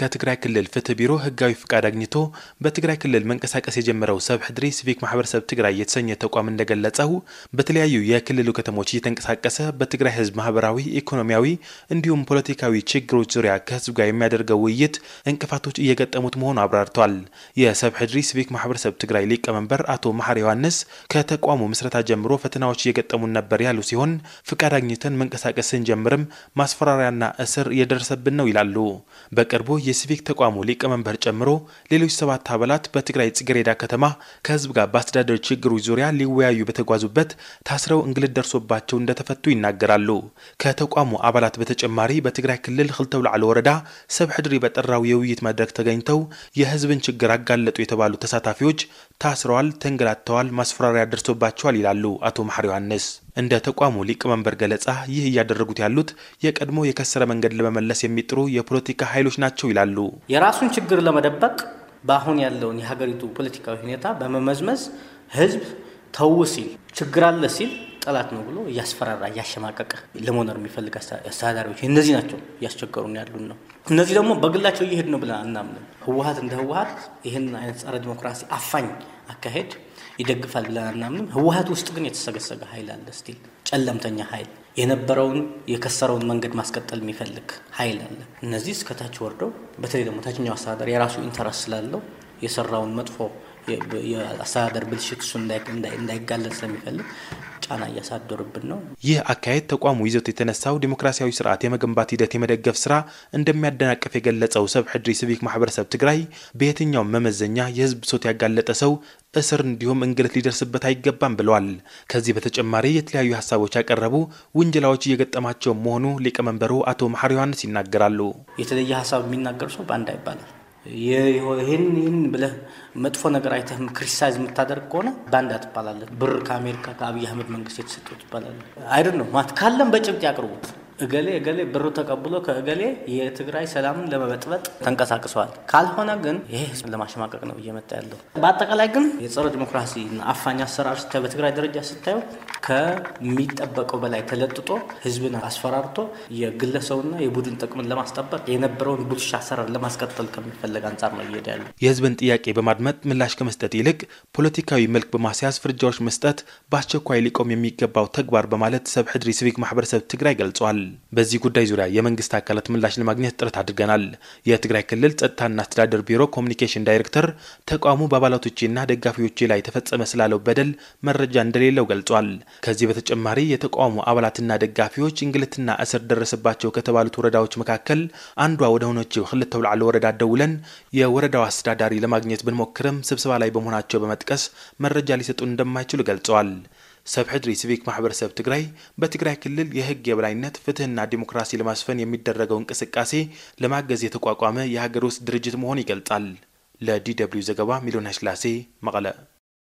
ከትግራይ ክልል ፍትህ ቢሮ ህጋዊ ፍቃድ አግኝቶ በትግራይ ክልል መንቀሳቀስ የጀመረው ሰብሕ ድሪ ሲቪክ ማህበረሰብ ትግራይ የተሰኘ ተቋም እንደገለጸው በተለያዩ የክልሉ ከተሞች እየተንቀሳቀሰ በትግራይ ህዝብ ማህበራዊ፣ ኢኮኖሚያዊ እንዲሁም ፖለቲካዊ ችግሮች ዙሪያ ከህዝብ ጋር የሚያደርገው ውይይት እንቅፋቶች እየገጠሙት መሆኑ አብራርቷል። የሰብሕ ድሪ ሲቪክ ማህበረሰብ ትግራይ ሊቀመንበር አቶ መሐር ዮሐንስ ከተቋሙ ምስረታ ጀምሮ ፈተናዎች እየገጠሙን ነበር ያሉ ሲሆን ፍቃድ አግኝተን መንቀሳቀስ ስንጀምርም ማስፈራሪያና እስር እየደረሰብን ነው ይላሉ። በቅርቡ የሲቪክ ተቋሙ ሊቀመንበር ጨምሮ ሌሎች ሰባት አባላት በትግራይ ጽግሬዳ ከተማ ከህዝብ ጋር በአስተዳደር ችግሮች ዙሪያ ሊወያዩ በተጓዙበት ታስረው እንግልት ደርሶባቸው እንደተፈቱ ይናገራሉ። ከተቋሙ አባላት በተጨማሪ በትግራይ ክልል ክልተ አውላዕሎ ወረዳ ሰብ ሕድሪ በጠራው የውይይት መድረክ ተገኝተው የህዝብን ችግር አጋለጡ የተባሉ ተሳታፊዎች ታስረዋል፣ ተንገላተዋል፣ ማስፈራሪያ ደርሶባቸዋል ይላሉ አቶ መሐሪ ዮሐንስ። እንደ ተቋሙ ሊቀመንበር ገለጻ ይህ እያደረጉት ያሉት የቀድሞ የከሰረ መንገድ ለመመለስ የሚጥሩ የፖለቲካ ኃይሎች ናቸው ይላሉ። የራሱን ችግር ለመደበቅ በአሁን ያለውን የሀገሪቱ ፖለቲካዊ ሁኔታ በመመዝመዝ ህዝብ ተው ሲል ችግር አለ ሲል ጠላት ነው ብሎ እያስፈራራ እያሸማቀቀ ለመኖር የሚፈልግ አስተዳዳሪዎች እነዚህ ናቸው፣ እያስቸገሩን ያሉን ነው። እነዚህ ደግሞ በግላቸው እየሄዱ ነው ብለን አናምንም። ህወሀት እንደ ህወሀት ይህን አይነት ጸረ ዲሞክራሲ አፋኝ አካሄድ ይደግፋል ብለን አናምንም። ህወሀት ውስጥ ግን የተሰገሰገ ኃይል አለ። ስቲል ጨለምተኛ ኃይል የነበረውን የከሰረውን መንገድ ማስቀጠል የሚፈልግ ኃይል አለ። እነዚህ እስከታች ወርደው በተለይ ደግሞ ታችኛው አስተዳደር የራሱ ኢንተረስ ስላለው የሰራውን መጥፎ የአስተዳደር ብልሽት እሱ እንዳይጋለጥ ስለሚፈልግ ጫና እያሳደሩብን ነው። ይህ አካሄድ ተቋሙ ይዘት የተነሳው ዲሞክራሲያዊ ስርዓት የመገንባት ሂደት የመደገፍ ስራ እንደሚያደናቅፍ የገለጸው ሰብሕ ድሪ ሲቪክ ማህበረሰብ ትግራይ በየትኛውም መመዘኛ የህዝብ ብሶት ያጋለጠ ሰው እስር እንዲሁም እንግልት ሊደርስበት አይገባም ብለዋል። ከዚህ በተጨማሪ የተለያዩ ሀሳቦች ያቀረቡ ውንጀላዎች እየገጠማቸው መሆኑ ሊቀመንበሩ አቶ መሐሪ ዮሐንስ ይናገራሉ። የተለየ ሀሳብ የሚናገር ሰው በአንድ አይባላል? ይህን ይህን ብለህ መጥፎ ነገር አይተህም ክሪቲሳይዝ የምታደርግ ከሆነ ባንዳ ትባላለን። ብር ከአሜሪካ ከአብይ አህመድ መንግስት የተሰጠ ትባላለን። አይደ ነው ማት ካለም በጭብጥ ያቅርቡት። እገሌ እገሌ ብሩ ተቀብሎ ከእገሌ የትግራይ ሰላምን ለመበጥበጥ ተንቀሳቅሰዋል። ካልሆነ ግን ይሄ ህዝብ ለማሸማቀቅ ነው እየመጣ ያለው። በአጠቃላይ ግን የጸረ ዲሞክራሲና አፋኝ አሰራር ስታዩ፣ በትግራይ ደረጃ ስታዩ ከሚጠበቀው በላይ ተለጥጦ ህዝብን አስፈራርቶ የግለሰቡና የቡድን ጥቅምን ለማስጠበቅ የነበረውን ቡልሻ አሰራር ለማስቀጠል ከሚፈለግ አንጻር ነው እየሄደ ያለው። የህዝብን ጥያቄ በማድመጥ ምላሽ ከመስጠት ይልቅ ፖለቲካዊ መልክ በማስያዝ ፍርጃዎች መስጠት በአስቸኳይ ሊቆም የሚገባው ተግባር በማለት ሰብ ሕድሪ ሲቪክ ማህበረሰብ ትግራይ ገልጿል። በዚህ ጉዳይ ዙሪያ የመንግስት አካላት ምላሽ ለማግኘት ጥረት አድርገናል። የትግራይ ክልል ጸጥታና አስተዳደር ቢሮ ኮሚኒኬሽን ዳይሬክተር ተቋሙ በአባላቶቼና ደጋፊዎቼ ላይ ተፈጸመ ስላለው በደል መረጃ እንደሌለው ገልጿል። ከዚህ በተጨማሪ የተቋሙ አባላትና ደጋፊዎች እንግልትና እስር ደረሰባቸው ከተባሉት ወረዳዎች መካከል አንዷ ወደ ሆነችው ክልተ አውላዕሎ ወረዳ ደውለን የወረዳው አስተዳዳሪ ለማግኘት ብንሞክርም ስብሰባ ላይ በመሆናቸው በመጥቀስ መረጃ ሊሰጡን እንደማይችሉ ገልጸዋል። ሰብሒ ድሪ ሲቪክ ማህበረሰብ ትግራይ በትግራይ ክልል የህግ የበላይነት ፍትህና ዲሞክራሲ ለማስፈን የሚደረገው እንቅስቃሴ ለማገዝ የተቋቋመ የሀገር ውስጥ ድርጅት መሆን ይገልጻል። ለዲ ደብልዩ ዘገባ ሚሊዮን ሽላሴ መቀለ